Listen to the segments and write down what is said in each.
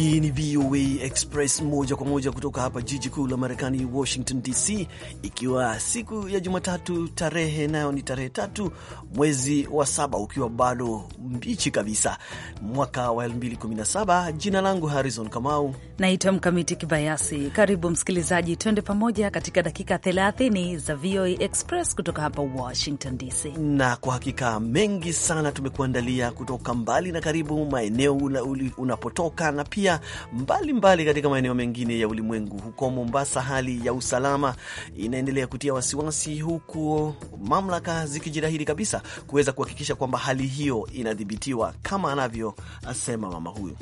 Hii ni VOA Express moja kwa moja kutoka hapa jiji kuu la Marekani, Washington DC, ikiwa siku ya Jumatatu, tarehe nayo ni tarehe tatu mwezi wa saba, ukiwa bado mbichi kabisa, mwaka wa 2017. Jina langu Harrison Kamau, naitwa Mkamiti Kibayasi. Karibu msikilizaji, twende pamoja katika dakika 30 za VOA Express kutoka hapa Washington DC, na kwa hakika mengi sana tumekuandalia kutoka mbali na karibu, maeneo unapotoka na pia pia mbalimbali mbali katika maeneo mengine ya ulimwengu. Huko Mombasa, hali ya usalama inaendelea kutia wasiwasi, huku mamlaka zikijitahidi kabisa kuweza kuhakikisha kwamba hali hiyo inadhibitiwa, kama anavyosema mama huyu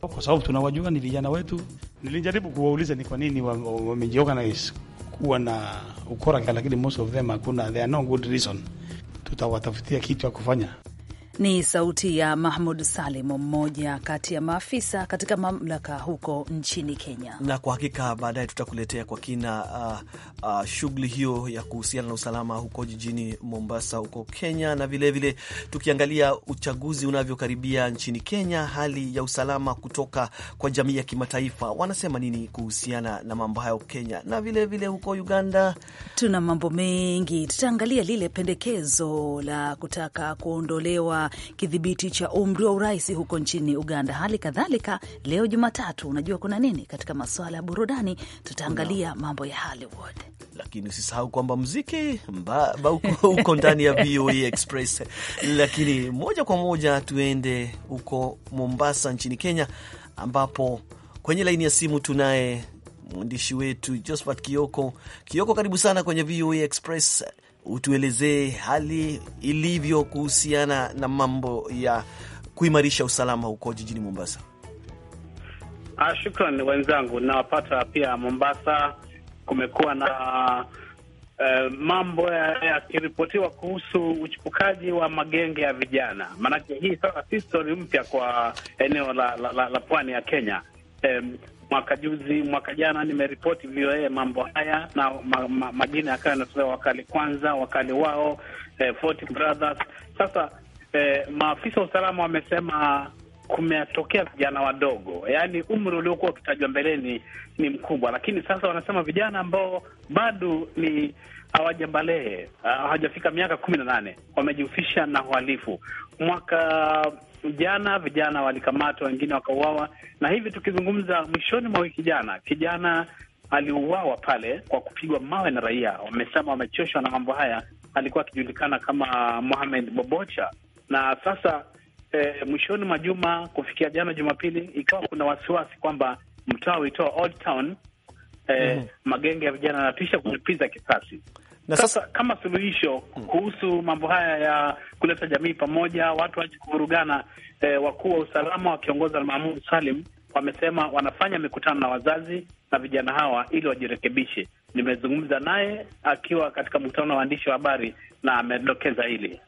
kwa sababu tunawajua ni vijana wetu. Nilijaribu kuwauliza ni kwa nini wamejiorganize kuwa na ukora, lakini most of them hakuna, there are no good reason. Tutawatafutia kitu ya kufanya. Ni sauti ya Mahmud Salim, mmoja kati ya maafisa katika mamlaka huko nchini Kenya. Na kwa hakika baadaye tutakuletea kwa kina uh, uh, shughuli hiyo ya kuhusiana na usalama huko jijini Mombasa huko Kenya, na vilevile vile, tukiangalia uchaguzi unavyokaribia nchini Kenya, hali ya usalama kutoka kwa jamii ya kimataifa wanasema nini kuhusiana na mambo hayo Kenya, na vilevile vile huko Uganda tuna mambo mengi. Tutaangalia lile pendekezo la kutaka kuondolewa kidhibiti cha umri wa urais huko nchini Uganda. Hali kadhalika leo Jumatatu, unajua kuna nini katika masuala ya burudani, tutaangalia mambo ya Hollywood, lakini usisahau kwamba mziki uko ndani ya VOA e Express. Lakini moja kwa moja tuende huko Mombasa nchini Kenya, ambapo kwenye laini ya simu tunaye mwandishi wetu Josphat Kioko. Kioko, karibu sana kwenye VOA e Express utuelezee hali ilivyo kuhusiana na mambo ya kuimarisha usalama huko jijini Mombasa. Ah, shukran wenzangu, nawapata pia Mombasa. Kumekuwa na uh, mambo yakiripotiwa kuhusu uchipukaji wa magenge ya vijana, maanake hii sasa si stori mpya kwa eneo la, la, la, la pwani ya Kenya. Um, mwaka juzi, mwaka jana nimeripoti VOA mambo haya na ma, ma, majina yakawa yanatolewa wakali kwanza, wakali wao eh, Forty Brothers. Sasa eh, maafisa wa usalama wamesema kumetokea vijana wadogo, yaani umri uliokuwa ukitajwa mbeleni ni mkubwa, lakini sasa wanasema vijana ambao bado ni hawajambalehe ah, hawajafika miaka kumi na nane wamejihusisha na uhalifu. Mwaka jana vijana walikamatwa, wengine wakauawa, na hivi tukizungumza, mwishoni mwa wiki jana kijana aliuawa pale kwa kupigwa mawe na raia. Wamesema wamechoshwa na mambo haya. Alikuwa akijulikana kama Mohamed Bobocha na sasa e, mwishoni mwa juma kufikia jana Jumapili, ikawa kuna wasiwasi kwamba mtaa uitoa Old Town e, mm -hmm. magenge ya vijana yanatisha kulipiza kisasi. Na sasa, sasa kama suluhisho mm. kuhusu mambo haya ya kuleta jamii pamoja, watu waje kuvurugana, e, eh, wakuu wa usalama wakiongoza na Mahmoud Salim wamesema wanafanya mikutano na wazazi na vijana hawa ili wajirekebishe. Nimezungumza naye akiwa katika mkutano wa waandishi wa habari na amedokeza hili.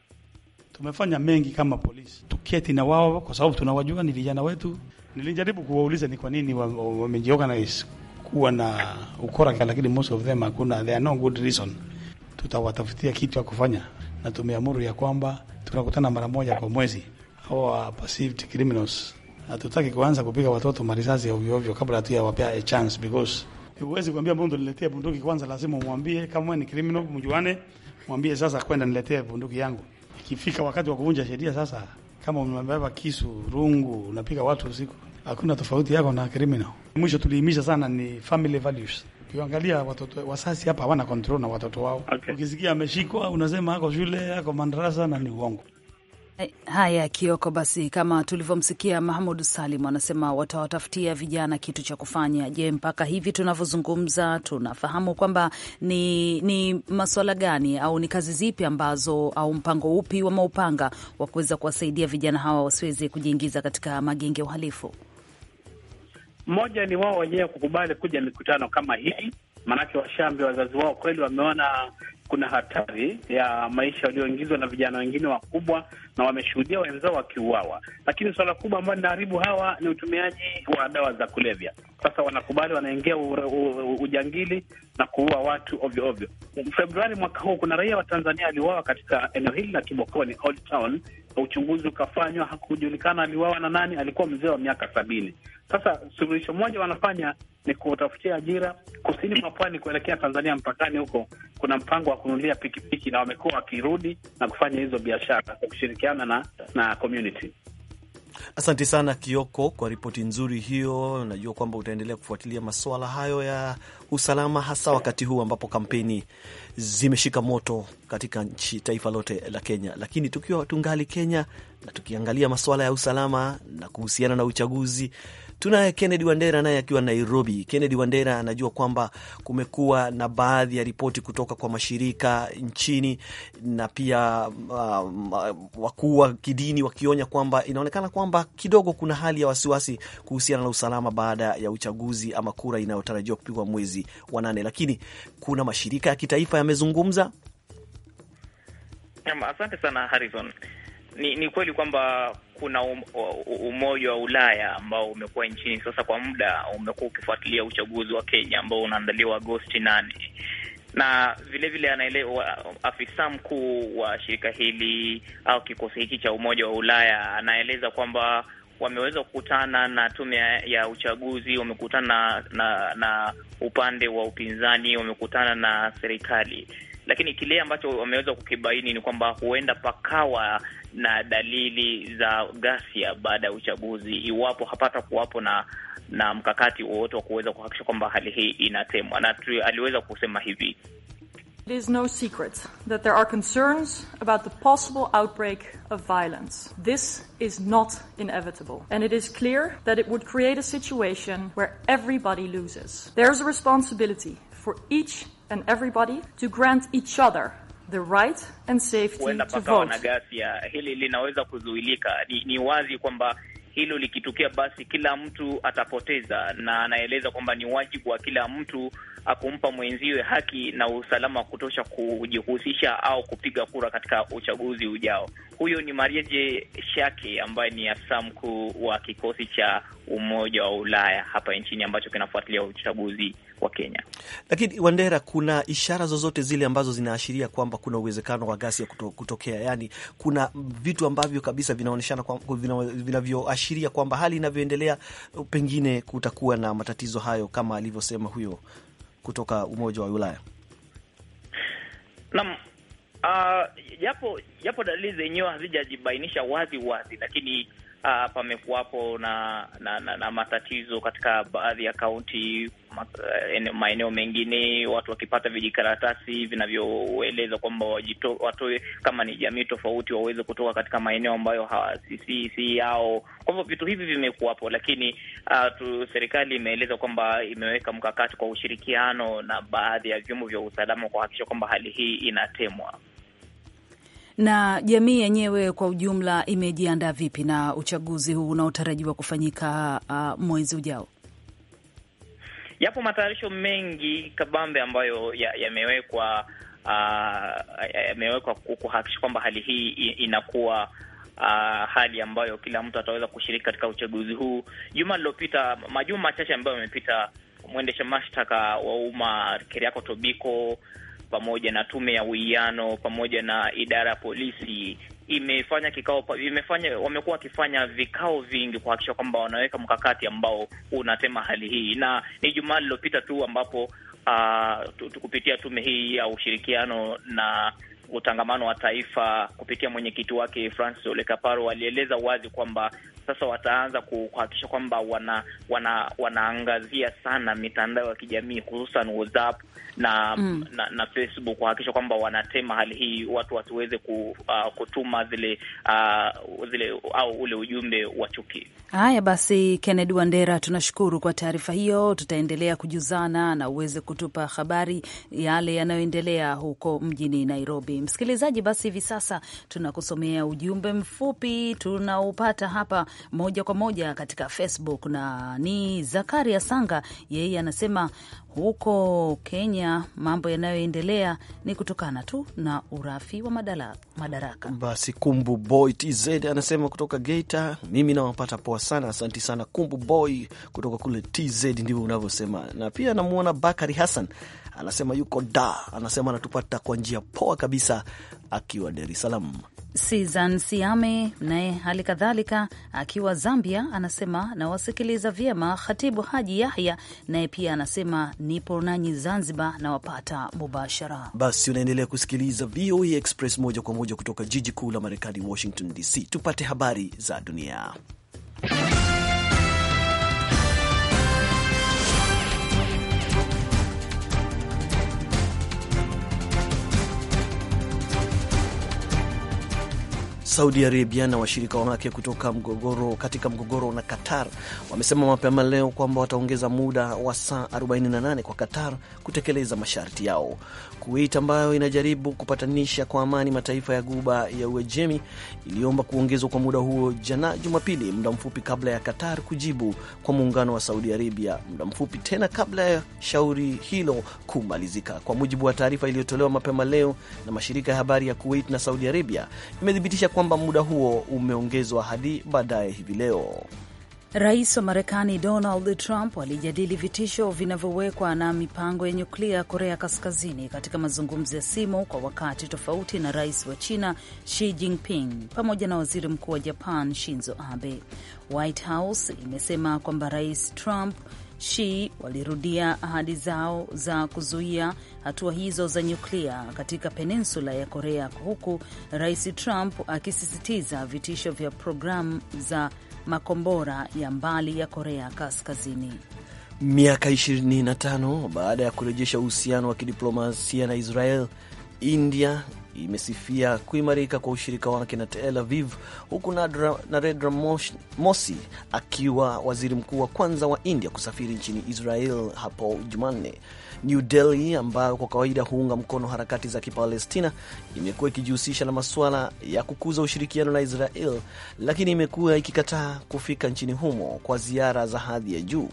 Tumefanya mengi kama polisi, tuketi na wao kwa sababu tunawajua, ni vijana wetu. Nilijaribu kuwauliza ni kwa nini wamejiorganize kuwa na ukora, lakini most of them hakuna, there are no good reason. Tutawatafutia kitu ya kufanya, na tumeamuru ya kwamba tunakutana mara moja kwa mwezi. Hawa perceived criminals hatutaki kuanza kupiga watoto marisasi ya ovyo ovyo kabla hatu yawapea a chance, because huwezi kuambia mtu niletee bunduki kwanza. Lazima umwambie kama ni criminal, mjuane, mwambie sasa, kwenda niletee bunduki yangu ikifika wakati wa kuvunja sheria sasa, kama umebeba kisu, rungu, unapiga watu usiku, hakuna tofauti yako na criminal. Mwisho tulihimisha sana ni family values. Ukiangalia watoto wasasi hapa hawana control na watoto wao okay. Ukisikia ameshikwa unasema ako shule ako madrasa na ni uongo. Eh, haya, Kioko, basi kama tulivyomsikia Mahmud Salim anasema watawatafutia vijana kitu cha kufanya. Je, mpaka hivi tunavyozungumza tunafahamu kwamba ni, ni maswala gani au ni kazi zipi ambazo au mpango upi wa maupanga wa kuweza kuwasaidia vijana hawa wasiweze kujiingiza katika magenge ya uhalifu? Mmoja ni wao wenyewe kukubali kuja mikutano kama hii, maanake washambi wazazi wao kweli wameona kuna hatari ya maisha walioingizwa na vijana wengine wakubwa, na wameshuhudia wenzao wakiuawa. Lakini suala kubwa ambayo linaharibu hawa ni utumiaji wa dawa za kulevya. Sasa wanakubali, wanaingia ujangili na kuua watu ovyo ovyo. Februari mwaka huu kuna raia wa Tanzania aliuawa katika eneo hili la Kibokoni Old Town uchunguzi ukafanywa, hakujulikana aliwawa na nani, alikuwa mzee wa miaka sabini. Sasa suluhisho moja wanafanya ni kutafutia ajira kusini mwa pwani kuelekea Tanzania mpakani huko, kuna mpango wa kununulia pikipiki na wamekuwa wakirudi na kufanya hizo biashara kwa kushirikiana na na community. Asante sana Kioko kwa ripoti nzuri hiyo. Najua kwamba utaendelea kufuatilia masuala hayo ya usalama, hasa wakati huu ambapo kampeni zimeshika moto katika nchi taifa lote la Kenya. Lakini tukiwa tungali Kenya na tukiangalia masuala ya usalama na kuhusiana na uchaguzi, Tunaye Kennedy Wandera naye akiwa Nairobi. Kennedy Wandera anajua kwamba kumekuwa na baadhi ya ripoti kutoka kwa mashirika nchini na pia um, uh, wakuu wa kidini wakionya kwamba inaonekana kwamba kidogo kuna hali ya wasiwasi kuhusiana na usalama baada ya uchaguzi ama kura inayotarajiwa kupigwa mwezi wa nane, lakini kuna mashirika ya kitaifa yamezungumza. Asante sana Harrison. Ni, ni kweli kwamba kuna um, umoja wa Ulaya ambao umekuwa nchini sasa kwa muda umekuwa ukifuatilia uchaguzi wa Kenya ambao unaandaliwa Agosti nane na vile vile anaelewa afisa mkuu wa shirika hili au kikosi hiki cha umoja wa Ulaya anaeleza kwamba wameweza kukutana na tume ya uchaguzi, wamekutana na, na, na upande wa upinzani, wamekutana na serikali lakini kile ambacho wameweza kukibaini ni kwamba huenda pakawa na dalili za ghasia baada ya uchaguzi iwapo hapata kuwapo na na mkakati wowote wa kuweza kuhakikisha kwamba hali hii inatemwa, na aliweza kusema hivi: It is no secret that there are concerns about the possible outbreak of violence. This is not inevitable, and it is clear that it would create a situation where everybody loses. There is a responsibility for each and everybody to grant each other the right and safety to vote. Huenda pakawa na ghasia, hili linaweza kuzuilika. Ni, ni wazi kwamba hilo likitokea, basi kila mtu atapoteza, na anaeleza kwamba ni wajibu wa kila mtu akumpa ah, mwenziwe haki na usalama wa kutosha kujihusisha au kupiga kura katika uchaguzi ujao. Huyo ni marieje Shaki ambaye ni afisa mkuu wa kikosi cha Umoja wa Ulaya hapa nchini ambacho kinafuatilia uchaguzi wa Kenya. Lakini Wandera, kuna ishara zozote zile ambazo zinaashiria kwamba kuna uwezekano wa ghasia kuto, kutokea? Yaani kuna vitu ambavyo kabisa vinaonyeshana vinavyoashiria inaashiria kwamba hali inavyoendelea, pengine kutakuwa na matatizo hayo kama alivyosema huyo kutoka Umoja wa Ulaya. Naam. Uh, japo japo dalili zenyewe hazijajibainisha wazi wazi, lakini uh, pamekuwapo na na, na na matatizo katika baadhi ya kaunti, maeneo mengine watu wakipata vijikaratasi vinavyoeleza kwamba watoe kama ni jamii tofauti waweze kutoka katika maeneo ambayo si yao. Kwa hivyo vitu hivi vimekuwapo, lakini uh, tu serikali imeeleza kwamba imeweka mkakati kwa ushirikiano na baadhi ya vyombo vya usalama kuhakikisha kwamba hali hii inatemwa. Na jamii yenyewe kwa ujumla imejiandaa vipi na uchaguzi huu unaotarajiwa kufanyika uh, mwezi ujao? Yapo matayarisho mengi kabambe ambayo yamewekwa ya uh, ya kuhakikisha kwamba hali hii inakuwa Uh, hali ambayo kila mtu ataweza kushiriki katika uchaguzi huu. Juma lilopita, majuma machache ambayo yamepita, mwendesha mashtaka wa umma Keriako Tobiko pamoja na tume ya uwiano pamoja na idara ya polisi imefanya kikao, imefanya wamekuwa wakifanya vikao vingi kuhakikisha kwamba wanaweka mkakati ambao unatema hali hii, na ni Jumaa lililopita tu ambapo uh, kupitia tume hii ya ushirikiano na utangamano wa taifa kupitia mwenyekiti wake Francis Ole Kaparo alieleza wazi kwamba sasa wataanza kuhakikisha kwamba wana, wana, wanaangazia sana mitandao ya kijamii hususan WhatsApp na, mm. na na Facebook kuhakikisha kwamba wanatema hali hii, watu wasiweze ku, uh, kutuma zile, uh, zile au ule ujumbe wa chuki. Haya basi, Kennedy Wandera, tunashukuru kwa taarifa hiyo. Tutaendelea kujuzana na uweze kutupa habari yale yanayoendelea huko mjini Nairobi. Msikilizaji, basi hivi sasa tunakusomea ujumbe mfupi tunaupata hapa moja kwa moja katika Facebook na ni Zakaria Sanga, yeye anasema huko Kenya mambo yanayoendelea ni kutokana tu na urafi wa madala, madaraka. Basi Kumbu Boy TZ anasema kutoka Geita, mimi nawapata poa sana, asanti sana Kumbu Boy kutoka kule TZ, ndivyo unavyosema. Na pia anamwona Bakari Hassan anasema yuko da, anasema anatupata kwa njia poa kabisa akiwa Dar es Salaam. Sizan Siame naye hali kadhalika akiwa Zambia anasema nawasikiliza vyema. Khatibu Haji Yahya naye pia anasema nipo nanyi Zanzibar, nawapata mubashara. Basi unaendelea kusikiliza VOA e Express moja kwa moja kutoka jiji kuu la Marekani, Washington DC. Tupate habari za dunia. Saudi Arabia na washirika wake kutoka mgogoro, katika mgogoro na Qatar wamesema mapema leo kwamba wataongeza muda wa saa 48 kwa Qatar kutekeleza masharti yao. Kuwait ambayo inajaribu kupatanisha kwa amani mataifa ya Guba ya Uajemi iliomba kuongezwa kwa muda huo jana Jumapili, muda mfupi kabla ya Qatar kujibu kwa muungano wa Saudi Arabia, muda mfupi tena kabla ya shauri hilo kumalizika, kwa mujibu wa taarifa iliyotolewa mapema leo na mashirika ya habari ya Kuwait na Saudi Arabia imethibitisha kwa kwamba muda huo umeongezwa hadi baadaye hivi leo. Rais wa Marekani Donald Trump alijadili vitisho vinavyowekwa na mipango ya nyuklia ya Korea Kaskazini katika mazungumzo ya simu kwa wakati tofauti na rais wa China Xi Jinping pamoja na waziri mkuu wa Japan Shinzo Abe. White House imesema kwamba rais Trump Xi walirudia ahadi zao za kuzuia hatua hizo za nyuklia katika peninsula ya Korea, huku Rais Trump akisisitiza vitisho vya programu za makombora ya mbali ya Korea Kaskazini. Miaka 25 baada ya kurejesha uhusiano wa kidiplomasia na Israel, India imesifia kuimarika kwa ushirika wake na Tel Aviv, huku Narendra Mosi akiwa waziri mkuu wa kwanza wa India kusafiri nchini Israel hapo Jumanne. New Delhi ambayo kwa kawaida huunga mkono harakati za Kipalestina imekuwa ikijihusisha na masuala ya kukuza ushirikiano na Israel, lakini imekuwa ikikataa kufika nchini humo kwa ziara za hadhi ya juu.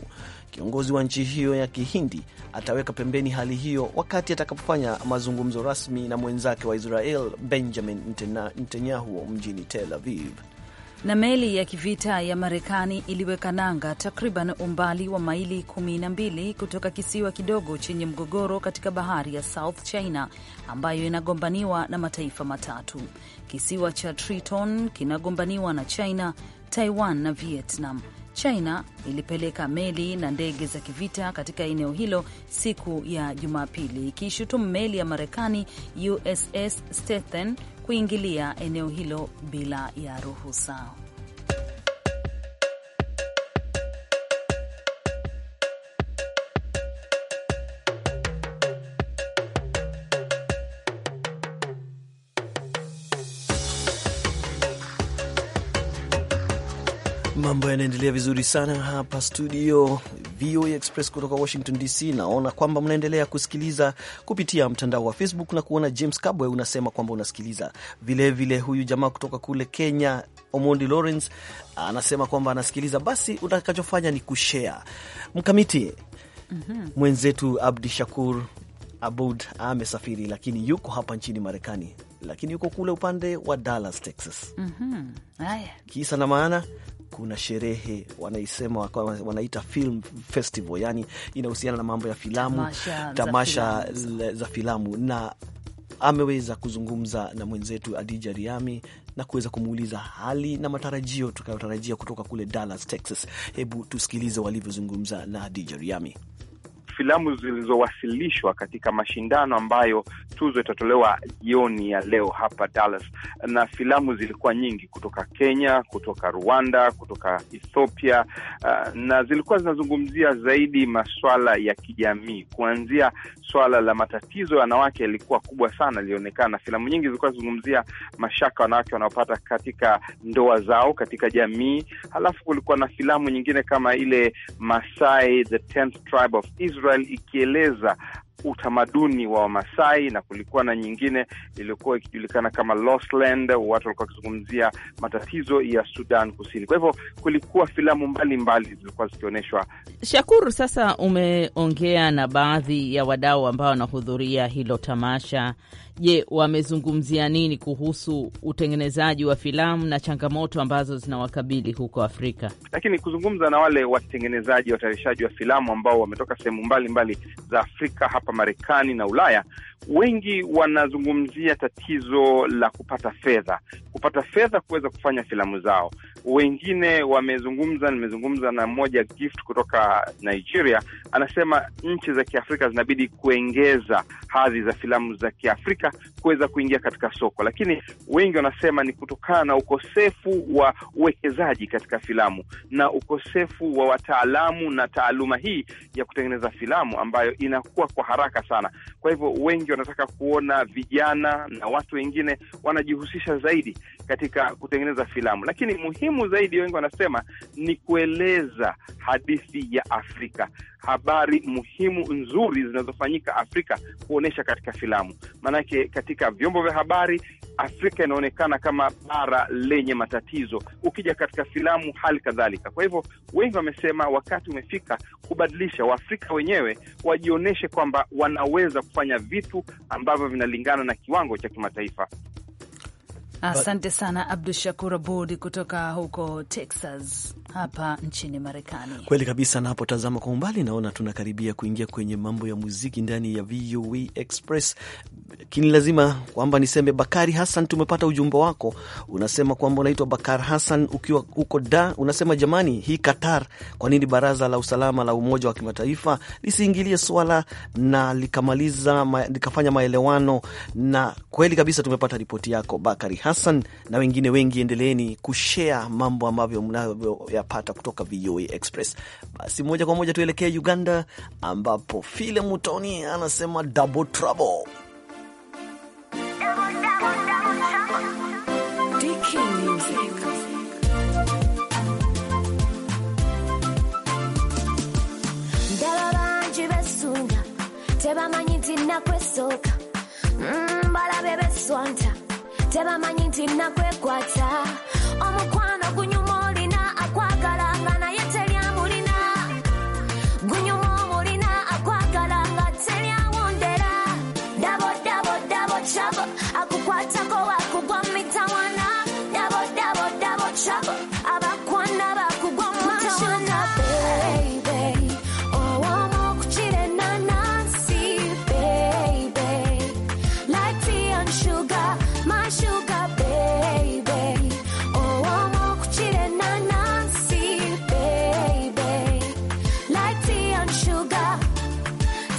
Kiongozi wa nchi hiyo ya Kihindi ataweka pembeni hali hiyo wakati atakapofanya mazungumzo rasmi na mwenzake wa Israel Benjamin Netanyahu mjini Tel Aviv na meli ya kivita ya Marekani iliweka nanga takriban umbali wa maili 12 kutoka kisiwa kidogo chenye mgogoro katika bahari ya South China ambayo inagombaniwa na mataifa matatu. Kisiwa cha Triton kinagombaniwa na China, Taiwan na Vietnam. China ilipeleka meli na ndege za kivita katika eneo hilo siku ya Jumapili, ikiishutumu meli ya Marekani USS Stethen kuingilia eneo hilo bila ya ruhusa. Mambo yanaendelea vizuri sana hapa studio VOA Express kutoka Washington DC. Naona kwamba mnaendelea kusikiliza kupitia mtandao wa Facebook na kuona James Kabwe unasema kwamba unasikiliza vilevile. Vile huyu jamaa kutoka kule Kenya, Omondi Lawrence anasema kwamba anasikiliza. Basi utakachofanya ni kushare mkamiti. mm -hmm. Mwenzetu Abdi Shakur Abud amesafiri, lakini yuko hapa nchini Marekani, lakini yuko kule upande wa Dallas, Texas. mm -hmm. Kisa na maana kuna sherehe wanaisema wanaita film festival, yani inahusiana na mambo ya filamu tamasha, tamasha za filamu, za filamu na ameweza kuzungumza na mwenzetu Adija Riami na kuweza kumuuliza hali na matarajio tukayotarajia kutoka kule Dallas, Texas. Hebu tusikilize walivyozungumza na Adija Riami filamu zilizowasilishwa katika mashindano ambayo tuzo itatolewa jioni ya leo hapa Dallas, na filamu zilikuwa nyingi kutoka Kenya, kutoka Rwanda, kutoka Ethiopia, uh, na zilikuwa zinazungumzia zaidi masuala ya kijamii kuanzia swala la matatizo ya wanawake yalikuwa kubwa sana, ilionekana filamu nyingi zilikuwa zizungumzia mashaka wanawake wanaopata katika ndoa zao katika jamii. Halafu kulikuwa na filamu nyingine kama ile Masai the Tribe of Israel ikieleza utamaduni wa Wamasai, na kulikuwa na nyingine iliyokuwa ikijulikana kama Lost Land, watu walikuwa wakizungumzia matatizo ya Sudan Kusini. Kwa hivyo kulikuwa filamu mbalimbali zilikuwa zikionyeshwa. Shakuru, sasa umeongea na baadhi ya wadau ambao wanahudhuria hilo tamasha Je, wamezungumzia nini kuhusu utengenezaji wa filamu na changamoto ambazo zinawakabili huko Afrika? Lakini kuzungumza na wale watengenezaji, watayarishaji wa filamu ambao wametoka sehemu mbalimbali za Afrika, hapa Marekani na Ulaya, wengi wanazungumzia tatizo la kupata fedha, kupata fedha kuweza kufanya filamu zao. Wengine wamezungumza, nimezungumza na mmoja Gift kutoka Nigeria, anasema nchi za Kiafrika zinabidi kuengeza hadhi za filamu za Kiafrika kuweza kuingia katika soko, lakini wengi wanasema ni kutokana na ukosefu wa uwekezaji katika filamu na ukosefu wa wataalamu na taaluma hii ya kutengeneza filamu ambayo inakuwa kwa haraka sana. Kwa hivyo wengi wanataka kuona vijana na watu wengine wanajihusisha zaidi katika kutengeneza filamu, lakini muhimu zaidi, wengi wanasema ni kueleza hadithi ya Afrika, habari muhimu nzuri zinazofanyika Afrika, kuonyesha katika filamu. Maanake katika vyombo vya habari Afrika inaonekana kama bara lenye matatizo, ukija katika filamu hali kadhalika. Kwa hivyo wengi wamesema wakati umefika kubadilisha, Waafrika wenyewe wajionyeshe kwamba wanaweza kufanya vitu ambavyo vinalingana na kiwango cha kimataifa. Asante sana Abdu Shakur Abud kutoka huko Texas hapa nchini Marekani. Kweli kabisa, napotazama kwa umbali naona tunakaribia kuingia kwenye mambo ya muziki ndani ya VOA Express, lakini lazima kwamba niseme Bakari Hassan, tumepata ujumbe wako, unasema kwamba unaitwa Bakar Hassan ukiwa huko Da. Unasema jamani, hii Qatar, kwa nini baraza la usalama la Umoja wa Kimataifa lisiingilie swala na likamaliza ma, likafanya maelewano? Na kweli kabisa tumepata ripoti yako Bakari Hassan na wengine wengi, endeleeni kushea mambo ambavyo mnavyo utayapata kutoka VOA Express. Basi moja kwa moja tuelekee Uganda, ambapo File Mutoni anasema double trouble. tebamanyi nti nakwesoka mbalabe mm, beswanta tebamanyi nti nakwekwata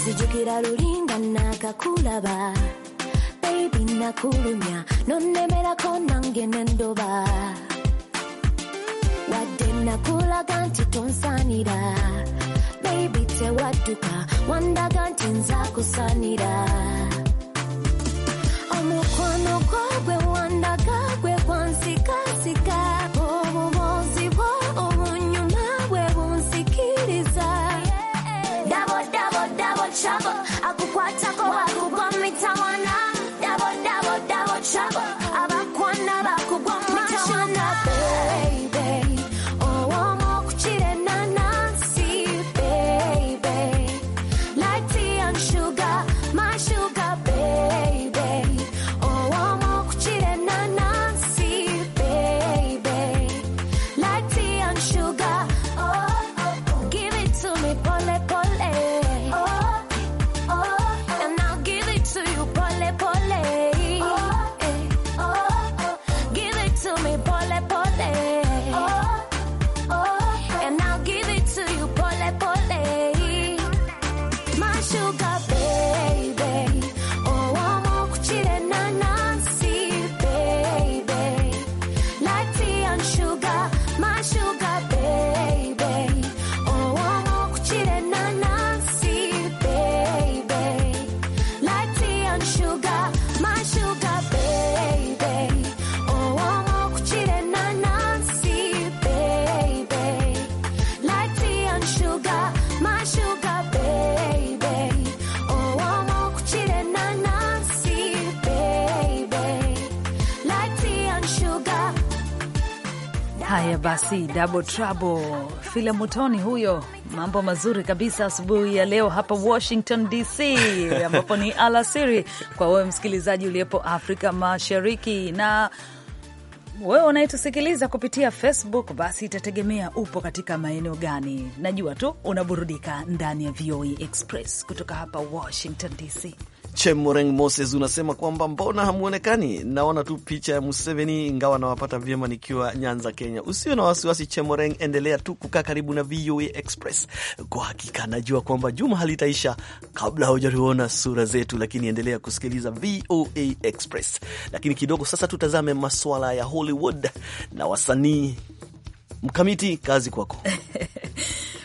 nzijukira lulinga nakakulaba baibi nakulumya nonemerako nange nendoba wadde nakulaga nti tonsanira baibi tewadduka wandaga nti nzakusanira omukono gwogwe Haya basi, Double Trouble Filamutoni huyo, mambo mazuri kabisa asubuhi ya leo hapa Washington DC, ambapo ni alasiri kwa wewe msikilizaji uliyepo Afrika Mashariki na wewe unayetusikiliza kupitia Facebook, basi itategemea upo katika maeneo gani. Najua tu unaburudika ndani ya VOA e Express kutoka hapa Washington DC. Chemoreng Moses unasema kwamba mbona hamuonekani? Naona tu picha ya Museveni, ingawa nawapata vyema nikiwa Nyanza, Kenya. usio na wasiwasi Chemoreng, endelea tu kukaa karibu na VOA Express. Kwa hakika najua kwamba juma halitaisha kabla haujatuona sura zetu, lakini endelea kusikiliza VOA Express. Lakini kidogo sasa tutazame maswala ya Hollywood na wasanii. Mkamiti, kazi kwako.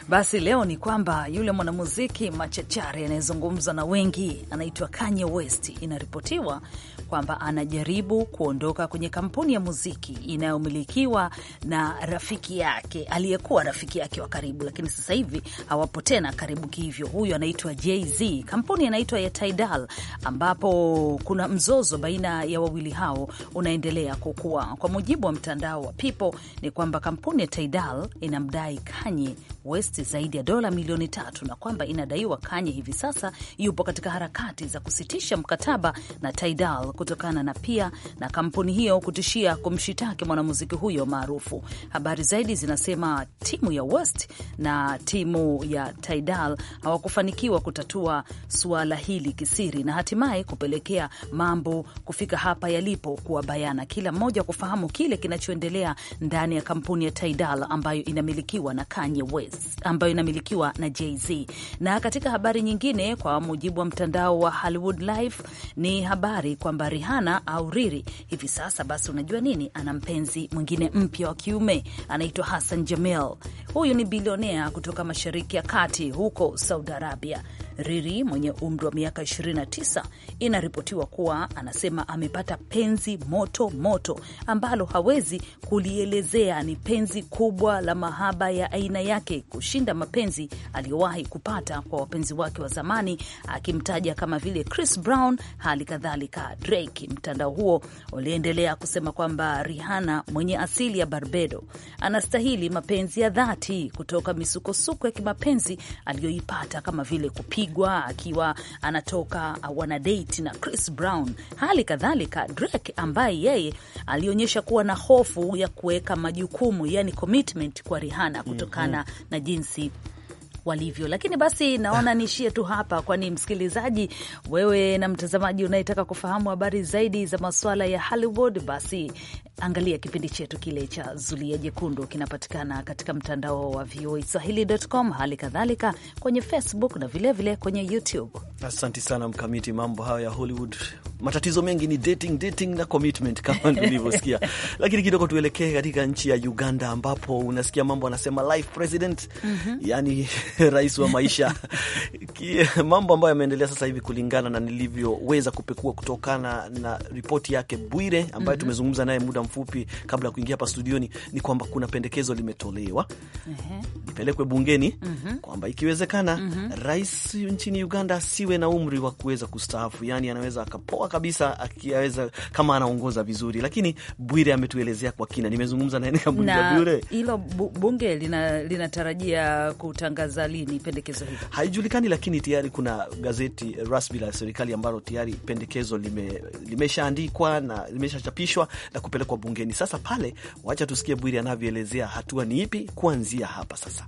Basi leo ni kwamba yule mwanamuziki machachari anayezungumzwa na wengi anaitwa Kanye West, inaripotiwa kwamba anajaribu kuondoka kwenye kampuni ya muziki inayomilikiwa na rafiki yake aliyekuwa rafiki yake wa karibu, lakini sasa hivi hawapo tena karibu kihivyo. Huyu anaitwa Jay-Z, kampuni inaitwa ya Tidal, ambapo kuna mzozo baina ya wawili hao unaendelea kukua. Kwa mujibu wa mtandao wa People ni kwamba kampuni ya Tidal inamdai Kanye West West zaidi ya dola milioni tatu na kwamba inadaiwa Kanye hivi sasa yupo katika harakati za kusitisha mkataba na Tidal kutokana na pia na kampuni hiyo kutishia kumshitaki mwanamuziki huyo maarufu. Habari zaidi zinasema timu ya West na timu ya Tidal hawakufanikiwa kutatua suala hili kisiri na hatimaye kupelekea mambo kufika hapa yalipo, kuwa bayana, kila mmoja kufahamu kile kinachoendelea ndani ya kampuni ya Tidal ambayo inamilikiwa na Kanye West ambayo inamilikiwa na Jay-Z. Na katika habari nyingine, kwa mujibu wa mtandao wa Hollywood Life, ni habari kwamba Rihanna au Riri hivi sasa basi, unajua nini, ana mpenzi mwingine mpya wa kiume anaitwa Hassan Jamil. Huyu ni bilionea kutoka Mashariki ya Kati huko Saudi Arabia. Riri mwenye umri wa miaka 29 inaripotiwa kuwa anasema amepata penzi moto moto ambalo hawezi kulielezea. Ni penzi kubwa la mahaba ya aina yake kushinda mapenzi aliyowahi kupata kwa wapenzi wake wa zamani, akimtaja kama vile Chris Brown, hali kadhalika Drake. Mtandao huo uliendelea kusema kwamba Rihanna mwenye asili ya Barbedo anastahili mapenzi ya dhati kutoka misukosuko ya kimapenzi aliyoipata kama vile kupi alipigwa akiwa anatoka uh, date na Chris Brown. Hali kadhalika Drake ambaye yeye alionyesha kuwa na hofu ya kuweka majukumu, yani commitment kwa Rihanna kutokana mm -hmm. na jinsi walivyo. Lakini basi naona ah. niishie tu hapa, kwani msikilizaji, wewe na mtazamaji unayetaka kufahamu habari zaidi za masuala ya Hollywood, basi angalia kipindi chetu kile cha Zulia Jekundu, kinapatikana katika mtandao wa VOA Swahili.com, hali kadhalika kwenye Facebook na vilevile vile kwenye YouTube. Asanti sana Mkamiti, mambo hayo ya Hollywood, matatizo mengi ni dating, dating na commitment kama nilivyosikia. Lakini kidogo tuelekee katika nchi ya Uganda ambapo unasikia mambo anasema life president, mm -hmm. yani rais wa maisha mambo ambayo yameendelea sasa hivi kulingana na nilivyoweza kupekua kutokana na ripoti yake Bwire ambayo mm -hmm. tumezungumza naye muda mfupi kabla ya kuingia hapa studioni, ni kwamba kuna pendekezo limetolewa mm -hmm. ipelekwe bungeni mm -hmm. kwamba ikiwezekana mm -hmm. rais nchini Uganda asiwe na umri wa kuweza kustaafu, yani anaweza akapoa kabisa akiweza kama anaongoza vizuri, lakini Bwire ametuelezea kwa kina. Nimezungumza naye na hilo bunge linatarajia lina kutangaza itaanza lini pendekezo hili? Haijulikani, lakini tayari kuna gazeti rasmi la serikali ambalo tayari pendekezo limeshaandikwa lime na limeshachapishwa na kupelekwa bungeni. Sasa pale, wacha tusikie Bwiri anavyoelezea hatua ni ipi kuanzia hapa sasa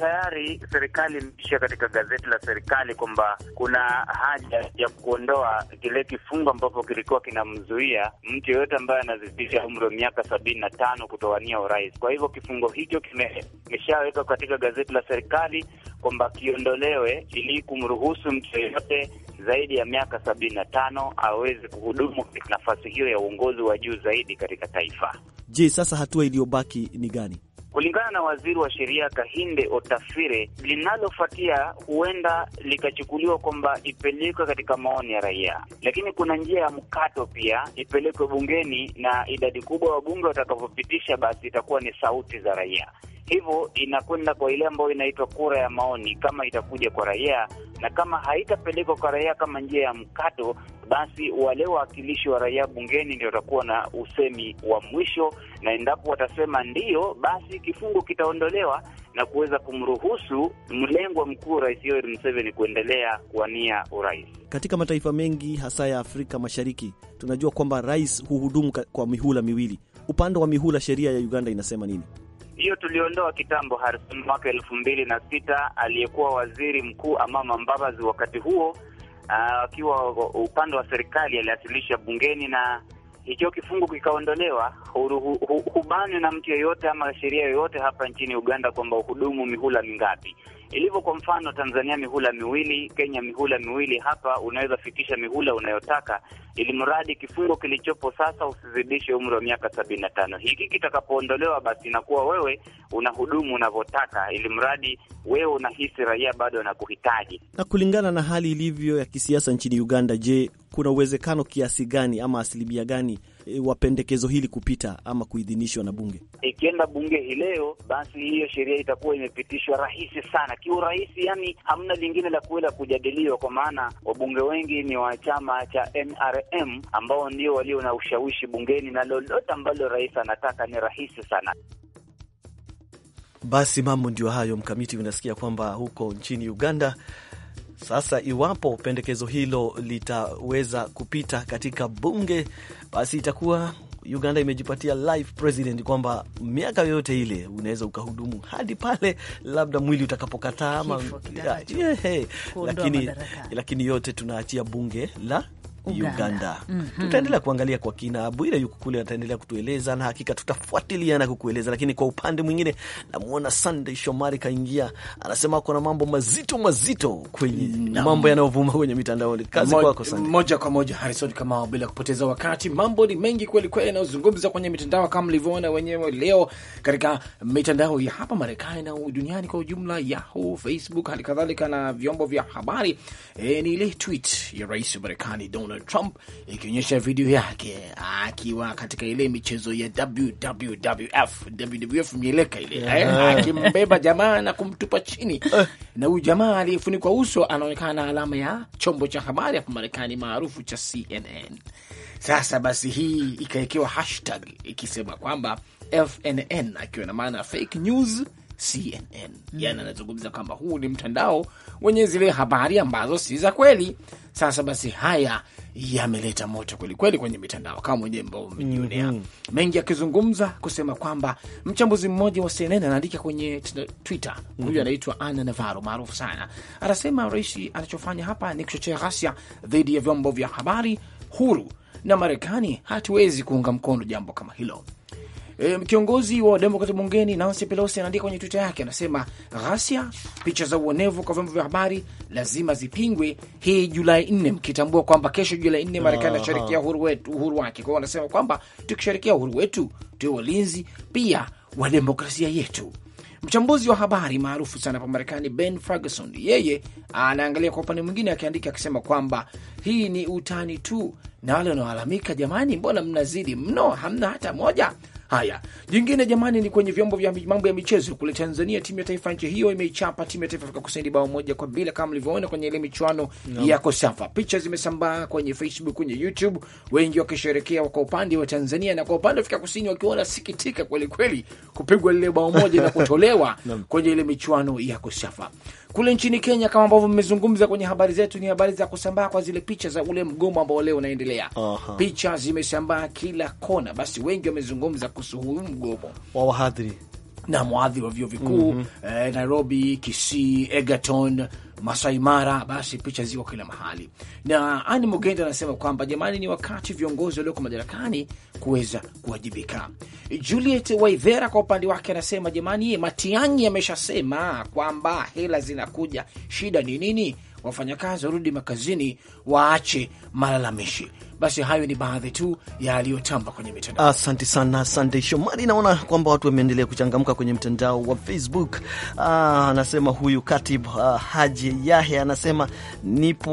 tayari serikali imeisha katika gazeti la serikali kwamba kuna haja ya kuondoa kile kifungo ambapo kilikuwa kinamzuia mtu yeyote ambaye anazidisha umri wa miaka sabini na tano kutowania urais. Kwa hivyo kifungo hicho kimeshawekwa katika gazeti la serikali kwamba kiondolewe ili kumruhusu mtu yeyote zaidi ya miaka sabini na tano aweze kuhudumu katika nafasi hiyo ya uongozi wa juu zaidi katika taifa. Je, sasa hatua iliyobaki ni gani? Kulingana na waziri wa sheria Kahinde Otafire, linalofuatia huenda likachukuliwa kwamba ipelekwe katika maoni ya raia, lakini kuna njia ya mkato pia, ipelekwe bungeni, na idadi kubwa wabunge watakavyopitisha, basi itakuwa ni sauti za raia hivyo inakwenda kwa ile ambayo inaitwa kura ya maoni, kama itakuja kwa raia, na kama haitapelekwa kwa raia kama njia ya mkato, basi wale wawakilishi wa raia bungeni ndio watakuwa na usemi wa mwisho, na endapo watasema ndiyo, basi kifungo kitaondolewa na kuweza kumruhusu mlengwa mkuu Rais Yoweri Museveni kuendelea kuwania urais. Katika mataifa mengi hasa ya Afrika Mashariki tunajua kwamba rais huhudumu kwa mihula miwili. Upande wa mihula, sheria ya Uganda inasema nini? hiyo tuliondoa kitambo Harrison mwaka elfu mbili na sita aliyekuwa waziri mkuu Amama Mbabazi wakati huo ah, akiwa uh, upande wa serikali aliasilisha bungeni na hicho kifungu kikaondolewa. Hubanwi na mtu yeyote ama sheria yoyote hapa nchini Uganda kwamba uhudumu mihula mingapi ilivyo. Kwa mfano, Tanzania mihula miwili, Kenya mihula miwili. Hapa unaweza fikisha mihula unayotaka, ili mradi kifungo kilichopo sasa usizidishe umri wa miaka sabini na tano. Hiki kitakapoondolewa, basi inakuwa wewe unahudumu unavyotaka, ili mradi wewe unahisi raia bado anakuhitaji. Na kulingana na hali ilivyo ya kisiasa nchini Uganda, je, kuna uwezekano kiasi gani ama asilimia gani Eh, wa pendekezo hili kupita ama kuidhinishwa na bunge? Ikienda bunge hii leo, basi hiyo sheria itakuwa imepitishwa rahisi sana, kiurahisi, yani hamna lingine la kuwela kujadiliwa, kwa maana wabunge wengi ni wa chama cha NRM ambao ndio walio na ushawishi bungeni, na lolote ambalo rais anataka ni rahisi sana. Basi mambo ndio hayo, Mkamiti, unasikia kwamba huko nchini Uganda sasa iwapo pendekezo hilo litaweza kupita katika bunge, basi itakuwa Uganda imejipatia life president kwamba miaka yoyote ile unaweza ukahudumu hadi pale labda mwili utakapokataa ama yeah, yeah, Lakini, lakini yote tunaachia bunge la Uganda, Uganda. Mm -hmm. Tutaendelea kuangalia kwa kina, Bwire yuko kule ataendelea kutueleza na hakika tutafuatilia na kukueleza. Lakini kwa upande mwingine namwona Sunday Shomari kaingia, anasema kuna mambo mazito mazito kwenye na mambo yanayovuma kwenye mitandaoni. Kazi Mo, kwako Sunday. Moja kwa moja Harrison, kama bila kupoteza wakati, mambo ni mengi kweli kweli yanayozungumza kwenye mitandao kama mlivyoona wenyewe leo katika mitandao ya hapa Marekani na duniani kwa ujumla, Yahoo, Facebook halikadhalika na vyombo vya habari. E, ni ile tweet ya rais wa Marekani Donald Donald Trump ikionyesha video yake akiwa katika ile michezo ya WWF, WWF mieleka ile eh, yeah. akimbeba jamaa na kumtupa chini eh. na huyu jamaa aliyefunikwa uso anaonekana na alama ya chombo cha habari hapa Marekani maarufu cha CNN. Sasa basi, hii ikawekewa hashtag ikisema kwamba FNN akiwa na maana fake news CNN. Yani anazungumza kwamba huu ni mtandao wenye zile habari ambazo si za kweli. Sasa basi, haya yameleta moto kweli kweli kwenye mitandao kama mwenyewe ambao umejionea mhm. mengi akizungumza kusema kwamba mchambuzi mmoja wa CNN anaandika kwenye Twitter, huyu mhm. anaitwa Ana Navarro maarufu sana, anasema rais anachofanya hapa ni kuchochea ghasia dhidi ya vyombo vya habari huru na Marekani hatuwezi kuunga mkono jambo kama hilo. E, kiongozi wa demokrati bungeni Nancy Pelosi anaandika kwenye Twitter yake, anasema ghasia, picha za uonevu kwa vyombo vya habari lazima zipingwe hii Julai nne, mkitambua kwamba kesho Julai nne Marekani anasherekea uhuru wake. Kwa hiyo anasema kwamba tukisherekea uhuru wetu tuwe walinzi pia wa demokrasia yetu. Mchambuzi wa habari maarufu sana hapa Marekani, Ben Ferguson, yeye anaangalia kwa upande mwingine, akiandika akisema kwamba hii ni utani tu, na wale wanaolalamika, jamani, mbona mnazidi mno, hamna hata moja Haya, jingine jamani, ni kwenye vyombo vya mambo ya michezo kule Tanzania. Timu ya taifa nchi hiyo imeichapa timu ya taifa Afrika Kusini bao moja kwa bila, kama mlivyoona kwenye ile michuano no. ya Kosafa. Picha zimesambaa kwenye Facebook, kwenye YouTube, wengi wakisherekea kwa upande wa Tanzania na kwa upande wa Afrika Kusini wakiona sikitika kweli kweli kupigwa lile bao moja na kutolewa no. kwenye ile michuano ya Kosafa. Kule nchini Kenya, kama ambavyo mmezungumza kwenye habari zetu, ni habari za kusambaa kwa zile picha za ule mgomo ambao leo unaendelea. -huh. Picha zimesambaa kila kona, basi wengi wamezungumza kuhusu huu mgomo wa wahadhiri na mwadhiri wa vyuo vikuu mm -hmm. eh, Nairobi, Kisii, Egerton Masai Mara, basi picha ziko kila mahali. Na Ani Mugenda anasema kwamba jamani, ni wakati viongozi walioko madarakani kuweza kuwajibika. Juliet Waivera kwa upande wake anasema jamani, Matiang'i ameshasema kwamba hela zinakuja, shida ni nini? Wafanyakazi warudi makazini, waache malalamishi. Basi hayo ni baadhi tu ya yaliyotamba kwenye mitandao. Asante sana Sandey Shomari. Naona kwamba watu wameendelea kuchangamka kwenye mtandao wa Facebook. Ah, anasema huyu Katib uh, ah, Haji yahe Yahya anasema nipo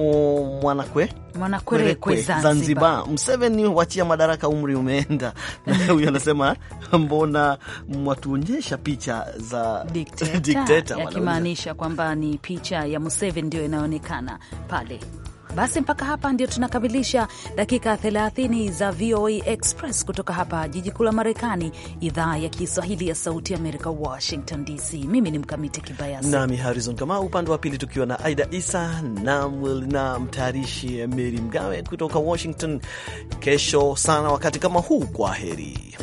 mwanakwe Mwanakwerekwe Zanzibar. Mseveni wachia madaraka, umri umeenda. Na huyu anasema mbona mwatuonyesha picha za dikteta, yakimaanisha kwamba ni picha ya Mseveni ndio inayoonekana pale basi mpaka hapa ndio tunakamilisha dakika 30 za VOA Express kutoka hapa jiji kuu la Marekani, idhaa ya Kiswahili ya Sauti Amerika, Washington DC. Mimi ni Mkamiti Kibayasi nami Harizon Kamau, upande wa pili tukiwa na Aida Isa na, na mtayarishi Meri Mgawe kutoka Washington. Kesho sana wakati kama huu, kwa heri.